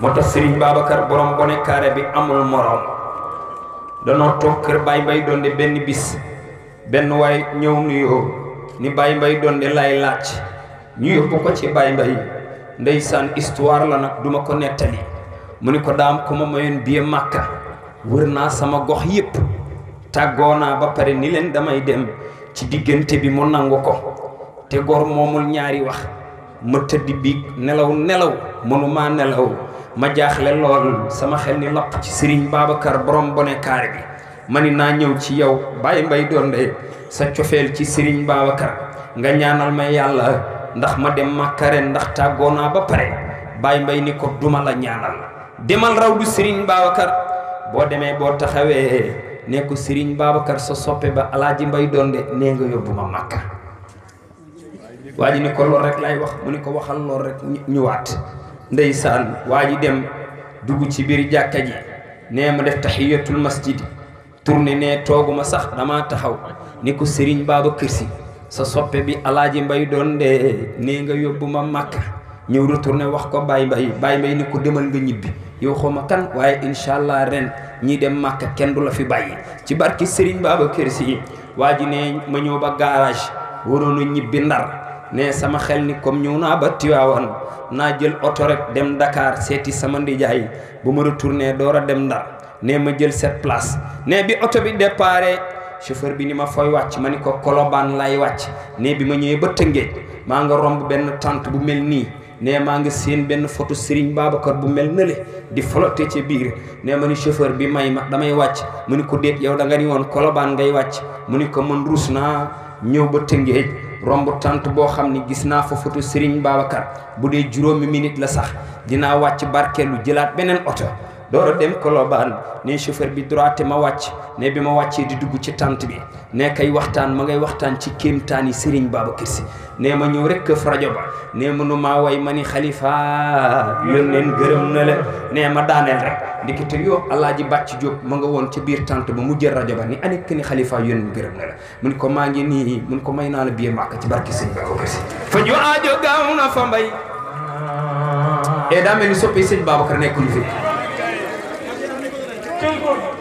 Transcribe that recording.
moo tax Serigne Babacar borom bone kaare bi amul morom danoo toog kër Baye Mbaye Donde benn bis benn waay ñëw nuyoo ni Baye Mbaye Donde lay laaj ñu yóbbu ko ci Baye Mbaye ndeysaan histoire la nag duma ko nettali mu ni ko daam ku ma mayoon biye màkka wër naa sama gox yépp tàggoo naa ba pare ni leen damay dem ci diggante bi mu nangu ko te góor moomul ñaari wax ma tëdd biig nelaw nelaw mënumaa nelaw ma jaaxle lool sama xel ni napp ci Serigne Babacar borom bonekaari bi ma ni naa ñëw ci yow bàyyi mbay doon de sa cofeel ci Serigne Babacar nga ñaanal ma yàlla ndax ma dem màkkare ndax tàggoo naa ba pare bàyyi mbay ni ko duma la ñaanal demal raw du Serigne Babacar boo demee boo taxawee ne ko Serigne Babacar sa soppe ba alaaji mbay doon de nee nga yóbbu ma màkka waa ji ni ko lool rek lay wax mu ni ko waxal lool rek ñëwaat ndeysaan waa ji dem dugg ci biir jàkka ji nee ma def tahiyatul masjid tourné ne tooguma sax dama taxaw ni ko Serigne Babacar Sy sa soppe bi alaaji mbay doon de nee nga yóbbu ma màkka ñëw retourné wax ko Baye Mbaye Baye Mbaye ni ko demal nga ñibbi yow ma kan waaye incha allah ren ñii dem màkka kenn du la fi bàyyi ci barki Serigne Babacar Sy waa ji ne ma ñëw ba garage waroon a ñibbi ndar ne sama xel ni comme ñëw naa ba Tiwaawan naa jël oto rek dem Dakar seeti sama ndijaay bu ma retourné door a dem Ndar ne ma jël sept place ne bi oto bi départ chauffeur bi ni ma fooy wàcc ma ni ko Colobane lay wàcc ne bi ma ñëwee ba Tëngéej maa nga romb benn tente bu mel nii ne maa ngi seen benn photo Serigne Babacar bu mel nële di folote ci biir ne ma ni chauffeur bi may ma damay wàcc mu ni ko déet yow da nga ni woon kolobaan ngay wàcc mu ni ko mën ruus naa ñëw ba Tëngéej romb tant boo xam ne gis naa fa photo Serigne Babacar bu dee juróomi minit la sax dinaa wàcc barkeelu jëlaat beneen oto door a dem Colobane ne chauffeur bi droite ma wàcc ne bi ma wàccee di dugg ci tente bi ne kay waxtaan ma ngay waxtaan ci kéemtaan yi Serigne Babacar Sy ne ma ñëw rek këf rajo ba ne mënu maa way ma ni xalifa yónneen gërëm na la ne ma daaneel rek ndikite yoo alaaji bàcc Diop ma nga woon ca biir tente ba mu jël rajo ba ni anekk ni xalifa yónneen gërëm na mun ko maa ngi nii mun ko may naa la biye màkk ci barke Serigne Babacar Sy fa ñu mbay e daa mel ni soppi sëñ Babacar nekkul fi still good.